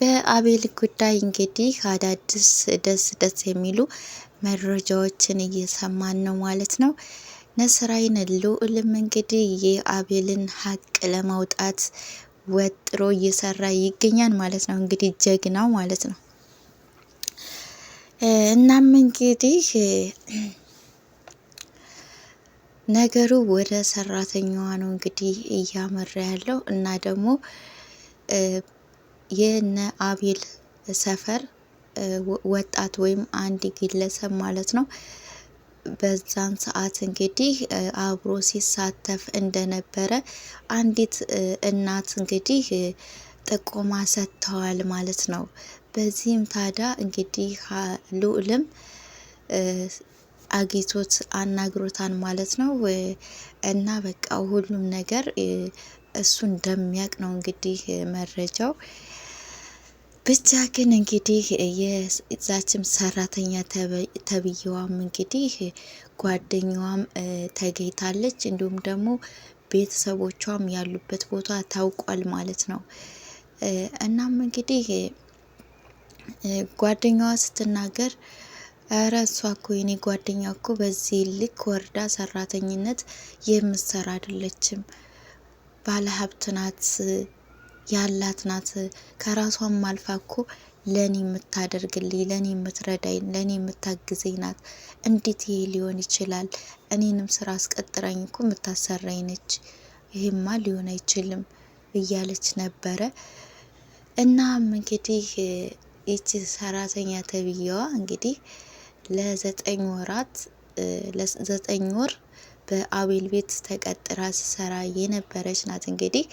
በአቤል ጉዳይ እንግዲህ አዳዲስ ደስ ደስ የሚሉ መረጃዎችን እየሰማን ነው ማለት ነው። ነስራይን ልዑልም እንግዲህ የአቤልን ሀቅ ለማውጣት ወጥሮ እየሰራ ይገኛል ማለት ነው። እንግዲህ ጀግናው ማለት ነው። እናም እንግዲህ ነገሩ ወደ ሰራተኛዋ ነው እንግዲህ እያመራ ያለው እና ደግሞ የነ አቤል ሰፈር ወጣት ወይም አንድ ግለሰብ ማለት ነው። በዛን ሰዓት እንግዲህ አብሮ ሲሳተፍ እንደነበረ አንዲት እናት እንግዲህ ጥቆማ ሰጥተዋል ማለት ነው። በዚህም ታዲያ እንግዲህ ልዑልም አግኝቶት አናግሮታን ማለት ነው እና በቃ ሁሉም ነገር እሱ እንደሚያውቅ ነው እንግዲህ መረጃው ብቻ ግን እንግዲህ የዛችም ሰራተኛ ተብዬዋም እንግዲህ ጓደኛዋም ተገኝታለች። እንዲሁም ደግሞ ቤተሰቦቿም ያሉበት ቦታ ታውቋል ማለት ነው። እናም እንግዲህ ጓደኛዋ ስትናገር እረ እሷ እኮ የኔ ጓደኛ እኮ በዚህ ልክ ወርዳ ሰራተኝነት የምትሰራ አይደለችም፣ ባለሀብት ናት ያላት ናት። ከራሷም አልፋ እኮ ለእኔ የምታደርግልኝ፣ ለእኔ የምትረዳኝ፣ ለእኔ የምታግዘኝ ናት። እንዴት ይሄ ሊሆን ይችላል? እኔንም ስራ አስቀጥራኝ እኮ የምታሰራኝ ነች። ይሄማ ሊሆን አይችልም እያለች ነበረ። እናም እንግዲህ ይቺ ሰራተኛ ተብዬዋ እንግዲህ ለዘጠኝ ወራት ለዘጠኝ ወር በአቤል ቤት ተቀጥራ ስሰራ የነበረች ናት እንግዲህ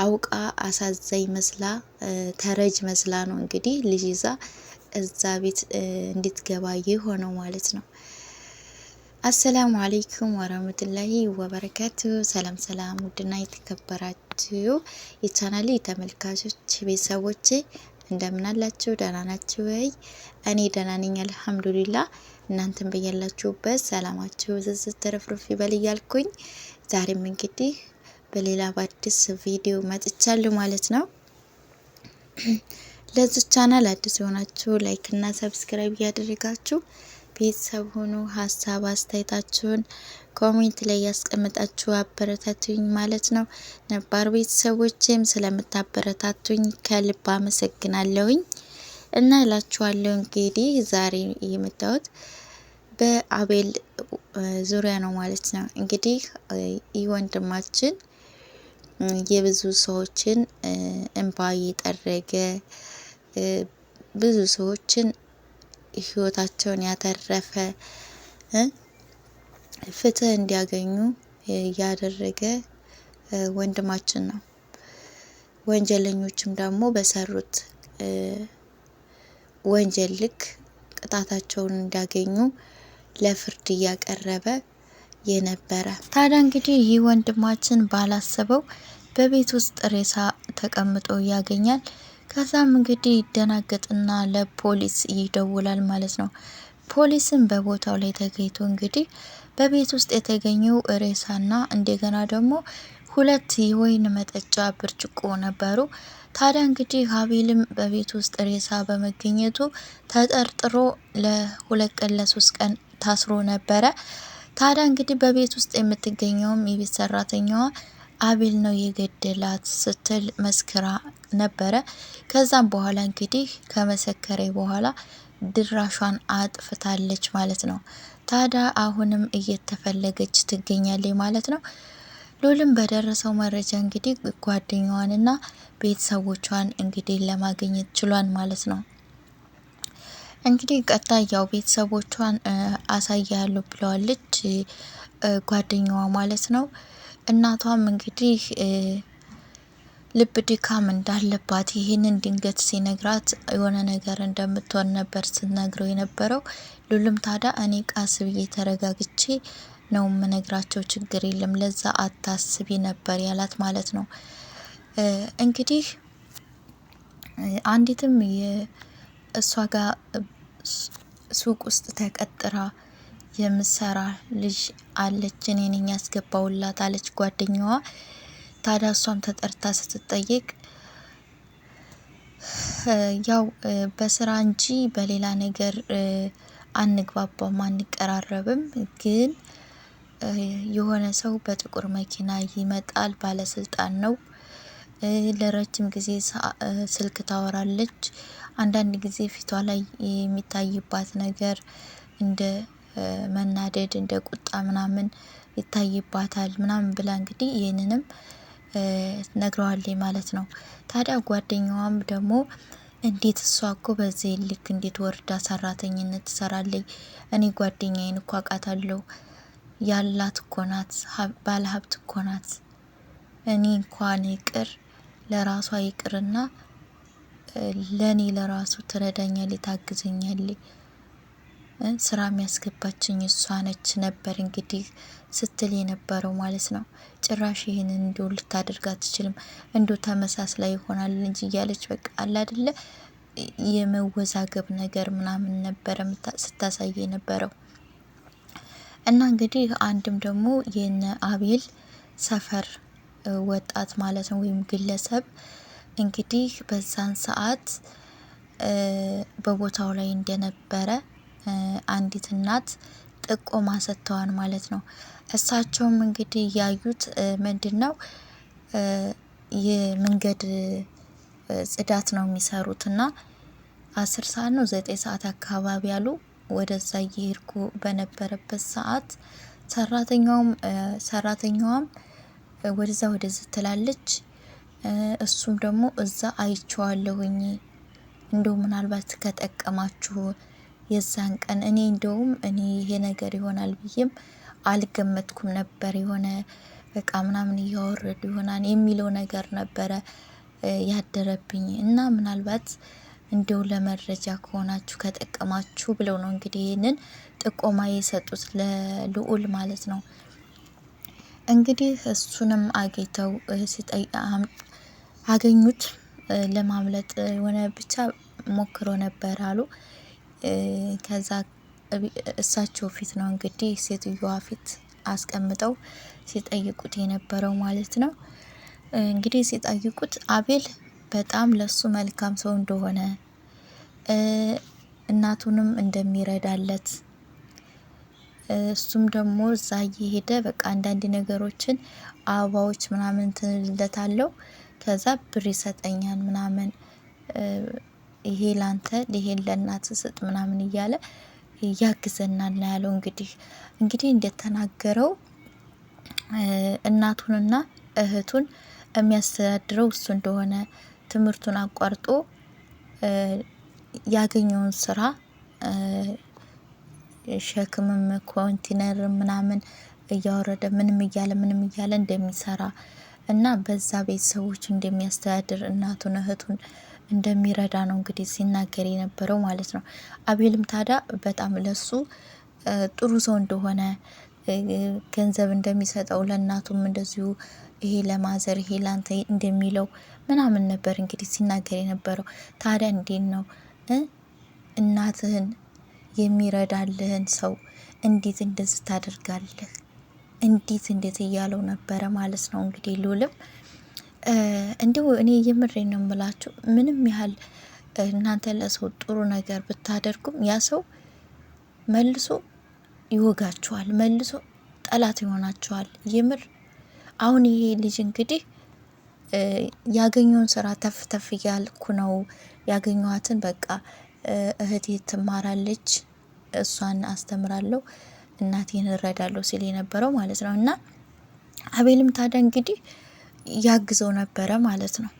አውቃ አሳዛኝ መስላ ተረጅ መስላ ነው እንግዲህ ልጅ ይዛ እዛ ቤት እንድትገባ የሆነው ማለት ነው። አሰላሙ አለይኩም ወራህመቱላሂ ወበረካቱ። ሰላም ሰላም፣ ውድና የተከበራችሁ የቻናሌ ተመልካቾች ቤተሰቦቼ እንደምን አላችሁ? ደህና ናችሁ ወይ? እኔ ደህና ነኝ አልሐምዱሊላ። እናንተም በያላችሁበት ሰላማችሁ ዝዝት ተረፍርፍ ይበል እያልኩኝ ዛሬም እንግዲህ በሌላ በአዲስ ቪዲዮ መጥቻለሁ ማለት ነው። ለዚ ቻናል አዲስ የሆናችሁ ላይክ እና ሰብስክራይብ እያደረጋችሁ ቤተሰብ ሆኑ። ሀሳብ አስተያየታችሁን ኮሜንት ላይ ያስቀምጣችሁ አበረታቱኝ ማለት ነው። ነባር ቤተሰቦችም ስለምታበረታቱኝ ከልብ አመሰግናለሁኝ እና እላችኋለሁ። እንግዲህ ዛሬ የመጣሁት በአቤል ዙሪያ ነው ማለት ነው። እንግዲህ ይህ ወንድማችን የብዙ ሰዎችን እንባ የጠረገ ብዙ ሰዎችን ህይወታቸውን ያተረፈ ፍትህ እንዲያገኙ ያደረገ ወንድማችን ነው። ወንጀለኞችም ደግሞ በሰሩት ወንጀል ልክ ቅጣታቸውን እንዲያገኙ ለፍርድ እያቀረበ የነበረ። ታዲያ እንግዲህ ይህ ወንድማችን ባላሰበው በቤት ውስጥ ሬሳ ተቀምጦ ያገኛል። ከዛም እንግዲህ ይደናገጥና ለፖሊስ ይደውላል ማለት ነው። ፖሊስም በቦታው ላይ ተገኝቶ እንግዲህ በቤት ውስጥ የተገኘው ሬሳና እንደገና ደግሞ ሁለት የወይን መጠጫ ብርጭቆ ነበሩ። ታዲያ እንግዲህ ሀቤልም በቤት ውስጥ ሬሳ በመገኘቱ ተጠርጥሮ ለሁለት ቀን ለሶስት ቀን ታስሮ ነበረ። ታዲያ እንግዲህ በቤት ውስጥ የምትገኘውም የቤት ሰራተኛዋ አቤል ነው የገደላት ስትል መስክራ ነበረ። ከዛም በኋላ እንግዲህ ከመሰከሬ በኋላ ድራሿን አጥፍታለች ማለት ነው። ታዲያ አሁንም እየተፈለገች ትገኛለች ማለት ነው። ሉልም በደረሰው መረጃ እንግዲህ ጓደኛዋንና ቤተሰቦቿን እንግዲህ ለማግኘት ችሏል ማለት ነው። እንግዲህ ቀጣይ ያው ቤተሰቦቿን አሳያለሁ ብለዋለች ጓደኛዋ ማለት ነው። እናቷም እንግዲህ ልብ ድካም እንዳለባት ይህንን ድንገት ሲነግራት የሆነ ነገር እንደምትሆን ነበር ስትነግረው የነበረው። ሉሉም ታዲያ እኔ ቃስ ብዬ ተረጋግቼ ነው የምነግራቸው፣ ችግር የለም ለዛ አታስቢ ነበር ያላት ማለት ነው። እንግዲህ አንዲትም እሷ ጋር ሱቅ ውስጥ ተቀጥራ የምሰራ ልጅ አለች። እኔ ነኝ ያስገባውላት አለች ጓደኛዋ። ታዲያ እሷም ተጠርታ ስትጠየቅ ያው በስራ እንጂ በሌላ ነገር አንግባባም፣ አንቀራረብም። ግን የሆነ ሰው በጥቁር መኪና ይመጣል፣ ባለስልጣን ነው። ለረጅም ጊዜ ስልክ ታወራለች። አንዳንድ ጊዜ ፊቷ ላይ የሚታይባት ነገር እንደ መናደድ እንደ ቁጣ ምናምን ይታይባታል ምናምን ብላ እንግዲህ ይህንንም ነግረዋለች ማለት ነው። ታዲያ ጓደኛዋም ደግሞ እንዴት እሷ እኮ በዚህ ልክ እንዴት ወርዳ ሰራተኝነት ትሰራለች? እኔ ጓደኛዬን እኮ አውቃታለሁ ያላት እኮ ናት፣ ባለሀብት እኮ ናት። እኔ እንኳን ይቅር ለራሷ ይቅርና ለእኔ ለራሱ ትረዳኛለች፣ ታግዘኛለች ስራ የሚያስገባችኝ እሷ ነች ነበር እንግዲህ ስትል የነበረው ማለት ነው። ጭራሽ ይህን እንዲሁ ልታደርግ አትችልም፣ እንዲሁ ተመሳስላ ይሆናል እንጂ እያለች በቃ አለ አይደለ የመወዛገብ ነገር ምናምን ነበረ ስታሳይ የነበረው እና እንግዲህ አንድም ደግሞ የነ አቤል ሰፈር ወጣት ማለት ነው ወይም ግለሰብ እንግዲህ በዛን ሰዓት በቦታው ላይ እንደነበረ አንዲት እናት ጥቆማ ሰጥተዋል ማለት ነው። እሳቸውም እንግዲህ ያዩት ምንድነው የመንገድ ጽዳት ነው የሚሰሩት እና አስር ሰዓት ነው ዘጠኝ ሰዓት አካባቢ ያሉ ወደዛ እየሄድኩ በነበረበት ሰዓት ሰራተኛውም ሰራተኛዋም ወደዛ ወደዚህ ትላለች እሱም ደግሞ እዛ አይቸዋለሁኝ እንደው ምናልባት ከጠቀማችሁ የዛን ቀን እኔ እንደውም እኔ ይሄ ነገር ይሆናል ብዬም አልገመትኩም ነበር። የሆነ በቃ ምናምን እያወረዱ ይሆናል የሚለው ነገር ነበረ ያደረብኝ እና ምናልባት እንደው ለመረጃ ከሆናችሁ ከጠቀማችሁ ብለው ነው እንግዲህ ይህንን ጥቆማ የሰጡት ለልዑል ማለት ነው። እንግዲህ እሱንም አግኝተው አገኙት ለማምለጥ የሆነ ብቻ ሞክሮ ነበር አሉ። ከዛ እሳቸው ፊት ነው እንግዲህ ሴትዮዋ ፊት አስቀምጠው ሲጠይቁት የነበረው ማለት ነው። እንግዲህ ሲጠይቁት አቤል በጣም ለሱ መልካም ሰው እንደሆነ እናቱንም እንደሚረዳለት እሱም ደግሞ እዛ እየሄደ በቃ አንዳንድ ነገሮችን አበባዎች ምናምን አለው። ከዛ ብር ይሰጠኛል ምናምን ይሄ ላንተ ይሄን ለእናት ስጥ ምናምን እያለ ያግዘናል ና ያለው። እንግዲህ እንግዲህ እንደተናገረው እናቱንና እህቱን የሚያስተዳድረው እሱ እንደሆነ ትምህርቱን አቋርጦ ያገኘውን ስራ ሸክምም ኮንቲነር ምናምን እያወረደ ምንም እያለ ምንም እያለ እንደሚሰራ እና በዛ ቤተሰቦች እንደሚያስተዳድር እናቱን እህቱን እንደሚረዳ ነው እንግዲህ ሲናገር የነበረው ማለት ነው። አቤልም ታዲያ በጣም ለሱ ጥሩ ሰው እንደሆነ ገንዘብ እንደሚሰጠው ለእናቱም እንደዚሁ ይሄ ለማዘር ይሄ ላንተ እንደሚለው ምናምን ነበር እንግዲህ ሲናገር የነበረው። ታዲያ እንዴት ነው እናትህን የሚረዳልህን ሰው እንዴት እንደዚህ ታደርጋለህ? እንዴት እንዴት እያለው ነበረ ማለት ነው። እንግዲህ ሉልም እንዲሁ እኔ የምሬ ነው የምላችሁ ምንም ያህል እናንተ ለሰው ጥሩ ነገር ብታደርጉም ያ ሰው መልሶ ይወጋችኋል፣ መልሶ ጠላት ይሆናችኋል። የምር አሁን ይሄ ልጅ እንግዲህ ያገኘውን ስራ ተፍ ተፍ እያልኩ ነው ያገኘዋትን በቃ እህቴ ትማራለች፣ እሷን አስተምራለሁ እናቴን እረዳለሁ ሲል የነበረው ማለት ነው። እና አቤልም ታዲያ እንግዲህ ያግዘው ነበረ ማለት ነው።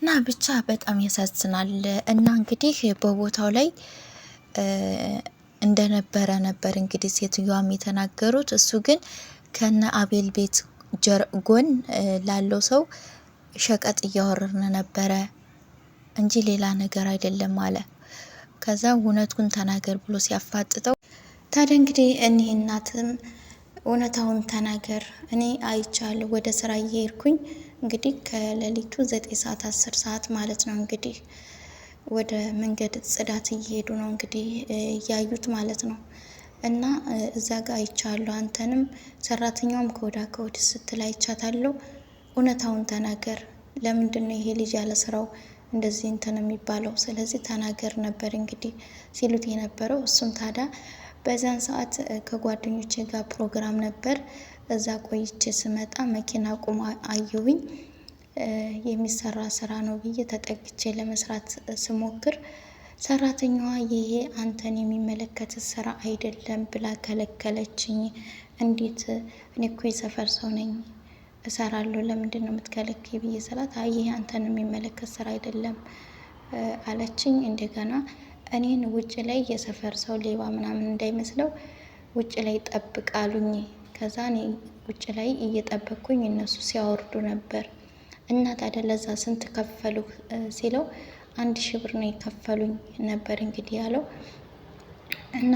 እና ብቻ በጣም ያሳዝናል። እና እንግዲህ በቦታው ላይ እንደነበረ ነበር እንግዲህ ሴትዮዋም የተናገሩት። እሱ ግን ከነ አቤል ቤት ጎን ላለው ሰው ሸቀጥ እያወረርን ነበረ እንጂ ሌላ ነገር አይደለም አለ። ከዛ እውነቱን ተናገር ብሎ ሲያፋጥጠው ታዲያ እንግዲህ እኒህ እናትም እውነታውን ተናገር፣ እኔ አይቻለሁ፣ ወደ ስራ እየሄድኩኝ እንግዲህ ከሌሊቱ ዘጠኝ ሰዓት አስር ሰዓት ማለት ነው እንግዲህ ወደ መንገድ ጽዳት እየሄዱ ነው እንግዲህ እያዩት ማለት ነው። እና እዛ ጋር አይቻለሁ፣ አንተንም ሰራተኛውም ከወዳ ከወዲህ ስትል አይቻታለሁ። እውነታውን ተናገር፣ ለምንድን ነው ይሄ ልጅ ያለ ስራው እንደዚህ እንትን የሚባለው? ስለዚህ ተናገር ነበር እንግዲህ ሲሉት የነበረው እሱም ታዲያ በዛን ሰዓት ከጓደኞች ጋር ፕሮግራም ነበር። እዛ ቆይቼ ስመጣ መኪና ቁም አየሁኝ። የሚሰራ ስራ ነው ብዬ ተጠግቼ ለመስራት ስሞክር ሰራተኛዋ ይሄ አንተን የሚመለከት ስራ አይደለም ብላ ከለከለችኝ። እንዴት እኔ እኮ የሰፈር ሰው ነኝ እሰራለሁ፣ ለምንድን ነው የምትከለክ? ብዬ ስላት፣ ይሄ አንተን የሚመለከት ስራ አይደለም አለችኝ። እንደገና እኔን ውጭ ላይ የሰፈር ሰው ሌባ ምናምን እንዳይመስለው ውጭ ላይ ጠብቅ አሉኝ። ከዛ እኔ ውጭ ላይ እየጠበቅኩኝ እነሱ ሲያወርዱ ነበር። እና ታዲያ ለዛ ስንት ከፈሉ ሲለው አንድ ሺ ብር ነው የከፈሉኝ ነበር እንግዲህ ያለው እና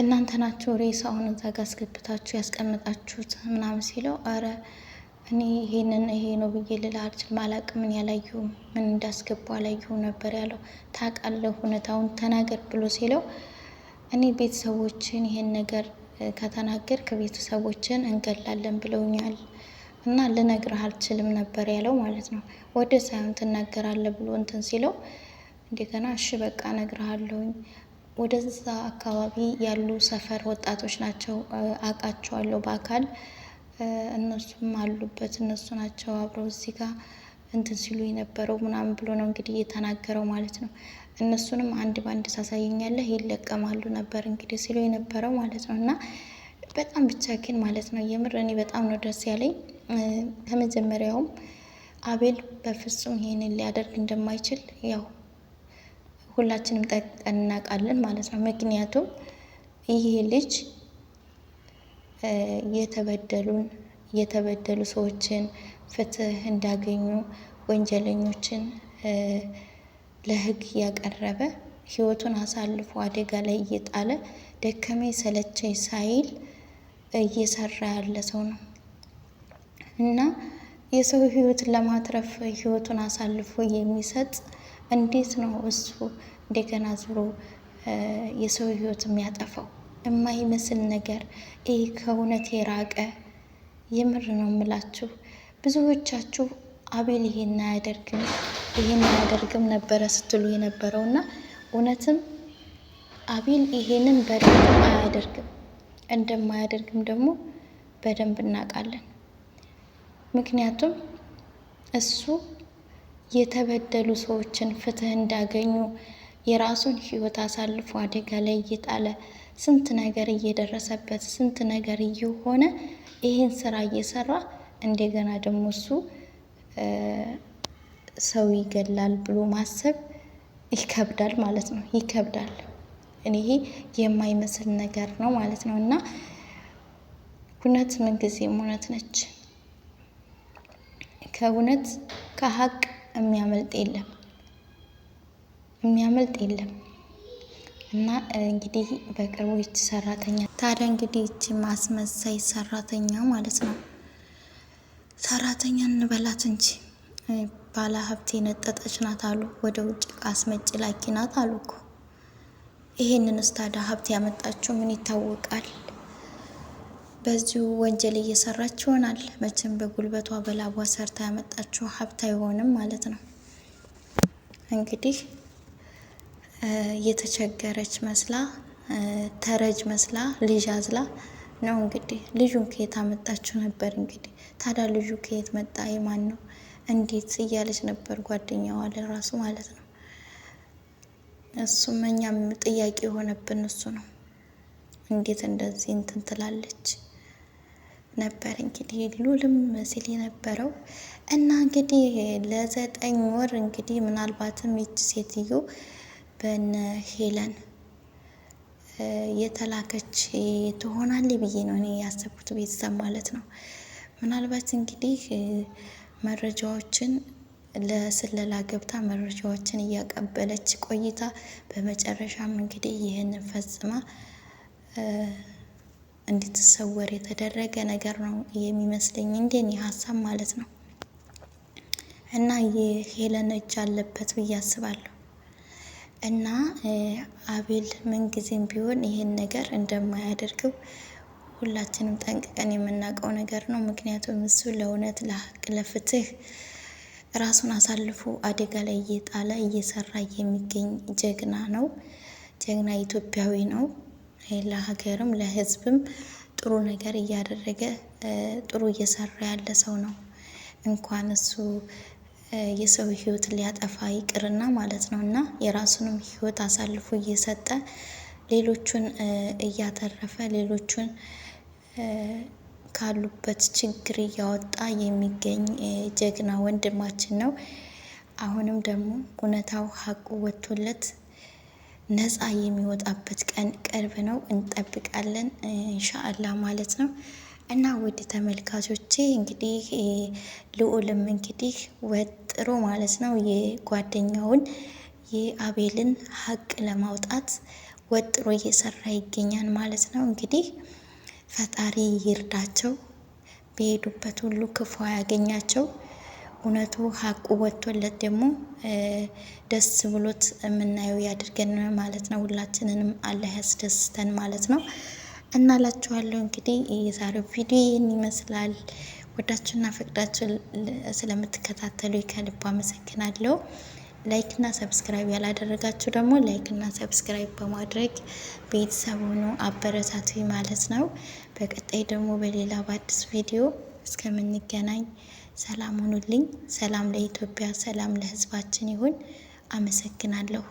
እናንተ ናችሁ ሬሳውን እዛ ጋ አስገብታችሁ ያስቀምጣችሁት ምናምን ሲለው አረ እኔ ይሄንን ይሄ ነው ብዬ ልል አልችልም። አላቅም ምን ያላየሁም ምን እንዳስገባው አላየሁም ነበር ያለው። ታውቃለህ እውነታውን ተናገር ብሎ ሲለው እኔ ቤተሰቦችን ይሄን ነገር ከተናገርክ ቤተሰቦችን እንገላለን ብለውኛል እና ልነግርህ አልችልም ነበር ያለው ማለት ነው። ወደ ሳይሆን ትናገራለህ ብሎ እንትን ሲለው እንደገና እሺ በቃ እነግርሃለሁኝ ወደዛ አካባቢ ያሉ ሰፈር ወጣቶች ናቸው አውቃቸዋለሁ በአካል እነሱም አሉበት እነሱ ናቸው አብረው እዚህ ጋር እንትን ሲሉ የነበረው ምናምን ብሎ ነው እንግዲህ እየተናገረው ማለት ነው። እነሱንም አንድ በአንድ ሳሳየኛለህ ይለቀማሉ ነበር እንግዲህ ሲሉ የነበረው ማለት ነው። እና በጣም ብቻ ግን ማለት ነው የምር እኔ በጣም ነው ደስ ያለኝ። ከመጀመሪያውም አቤል በፍጹም ይሄንን ሊያደርግ እንደማይችል ያው ሁላችንም ጠንቅቀን እናውቃለን ማለት ነው። ምክንያቱም ይሄ ልጅ የተበደሉን የተበደሉ ሰዎችን ፍትህ እንዳገኙ ወንጀለኞችን ለህግ እያቀረበ ህይወቱን አሳልፎ አደጋ ላይ እየጣለ ደከመኝ ሰለቸኝ ሳይል እየሰራ ያለ ሰው ነው እና የሰው ህይወት ለማትረፍ ህይወቱን አሳልፎ የሚሰጥ እንዴት ነው እሱ እንደገና ዞሮ የሰው ህይወት የሚያጠፋው? የማይመስል ነገር ይህ ከእውነት የራቀ የምር ነው የምላችሁ። ብዙዎቻችሁ አቤል ይሄን አያደርግም ይሄን አያደርግም ነበረ ስትሉ የነበረው እና እውነትም አቤል ይሄንን በደንብ አያደርግም እንደማያደርግም ደግሞ በደንብ እናውቃለን። ምክንያቱም እሱ የተበደሉ ሰዎችን ፍትህ እንዳገኙ የራሱን ህይወት አሳልፎ አደጋ ላይ እየጣለ ስንት ነገር እየደረሰበት ስንት ነገር እየሆነ ይህን ስራ እየሰራ እንደገና ደግሞ እሱ ሰው ይገላል ብሎ ማሰብ ይከብዳል ማለት ነው። ይከብዳል። እኔ የማይመስል ነገር ነው ማለት ነው። እና እውነት ምንጊዜም እውነት ነች። ከእውነት ከሀቅ የሚያመልጥ የለም፣ የሚያመልጥ የለም። እና እንግዲህ በቅርቡ ይቺ ሰራተኛ ታዲያ እንግዲህ ይቺ ማስመሳይ ሰራተኛ ማለት ነው ሰራተኛ እንበላት እንጂ ባለ ሀብት የነጠጠች ናት አሉ። ወደ ውጭ አስመጭ ላኪ ናት አሉ እኮ። ይሄንን ስታዳ ሀብት ያመጣችው ምን ይታወቃል? በዚሁ ወንጀል እየሰራች ይሆናል መቼም። በጉልበቷ በላቧ ሰርታ ያመጣችው ሀብት አይሆንም ማለት ነው እንግዲህ የተቸገረች መስላ ተረጅ መስላ ልጅ አዝላ ነው እንግዲህ። ልጁን ከየት አመጣችሁ ነበር እንግዲህ። ታዲያ ልጁ ከየት መጣ? የማን ነው? እንዴት እያለች ነበር ጓደኛዋ ለራሱ ማለት ነው። እሱም እኛም ጥያቄ የሆነብን እሱ ነው። እንዴት እንደዚህ እንትን ትላለች ነበር እንግዲህ ሉልም ሲል የነበረው እና እንግዲህ ለዘጠኝ ወር እንግዲህ ምናልባትም ይች ሴትዮ በነ ሄለን የተላከች ትሆናል ብዬ ነው እኔ ያሰብኩት። ቤተሰብ ማለት ነው። ምናልባት እንግዲህ መረጃዎችን ለስለላ ገብታ መረጃዎችን እያቀበለች ቆይታ በመጨረሻም እንግዲህ ይህንን ፈጽማ እንድትሰወር የተደረገ ነገር ነው የሚመስለኝ፣ እንደኔ ሀሳብ ማለት ነው። እና የሄለን እጅ አለበት ብዬ አስባለሁ። እና አቤል ምንጊዜም ቢሆን ይህን ነገር እንደማያደርገው ሁላችንም ጠንቅቀን የምናውቀው ነገር ነው። ምክንያቱም እሱ ለእውነት፣ ለሀቅ፣ ለፍትህ ራሱን አሳልፎ አደጋ ላይ እየጣለ እየሰራ የሚገኝ ጀግና ነው። ጀግና ኢትዮጵያዊ ነው። ለሀገርም ለህዝብም ጥሩ ነገር እያደረገ ጥሩ እየሰራ ያለ ሰው ነው። እንኳን እሱ የሰው ህይወት ሊያጠፋ ይቅርና ማለት ነው እና የራሱንም ህይወት አሳልፎ እየሰጠ ሌሎቹን እያተረፈ ሌሎቹን ካሉበት ችግር እያወጣ የሚገኝ ጀግና ወንድማችን ነው። አሁንም ደግሞ እውነታው ሀቁ ወጥቶለት ነፃ የሚወጣበት ቀን ቅርብ ነው። እንጠብቃለን እንሻአላ ማለት ነው። እና ውድ ተመልካቾቼ እንግዲህ ልዑልም እንግዲህ ወጥሮ ማለት ነው የጓደኛውን የአቤልን ሀቅ ለማውጣት ወጥሮ እየሰራ ይገኛል ማለት ነው። እንግዲህ ፈጣሪ ይርዳቸው፣ በሄዱበት ሁሉ ክፉ ያገኛቸው። እውነቱ ሀቁ ወጥቶለት ደግሞ ደስ ብሎት የምናየው ያድርገን ማለት ነው። ሁላችንንም አላህ ያስደስተን ማለት ነው። እና ላችኋለሁ። እንግዲህ የዛሬው ቪዲዮ ይህን ይመስላል። ወዳችሁና ፈቅዳችሁ ስለምትከታተሉ ከልብ አመሰግናለሁ። ላይክ እና ሰብስክራይብ ያላደረጋችሁ ደግሞ ላይክ እና ሰብስክራይብ በማድረግ ቤተሰብ ሆኖ አበረታቱ ማለት ነው። በቀጣይ ደግሞ በሌላ በአዲስ ቪዲዮ እስከምንገናኝ ሰላም ሁኑልኝ። ሰላም ለኢትዮጵያ፣ ሰላም ለሕዝባችን ይሁን። አመሰግናለሁ።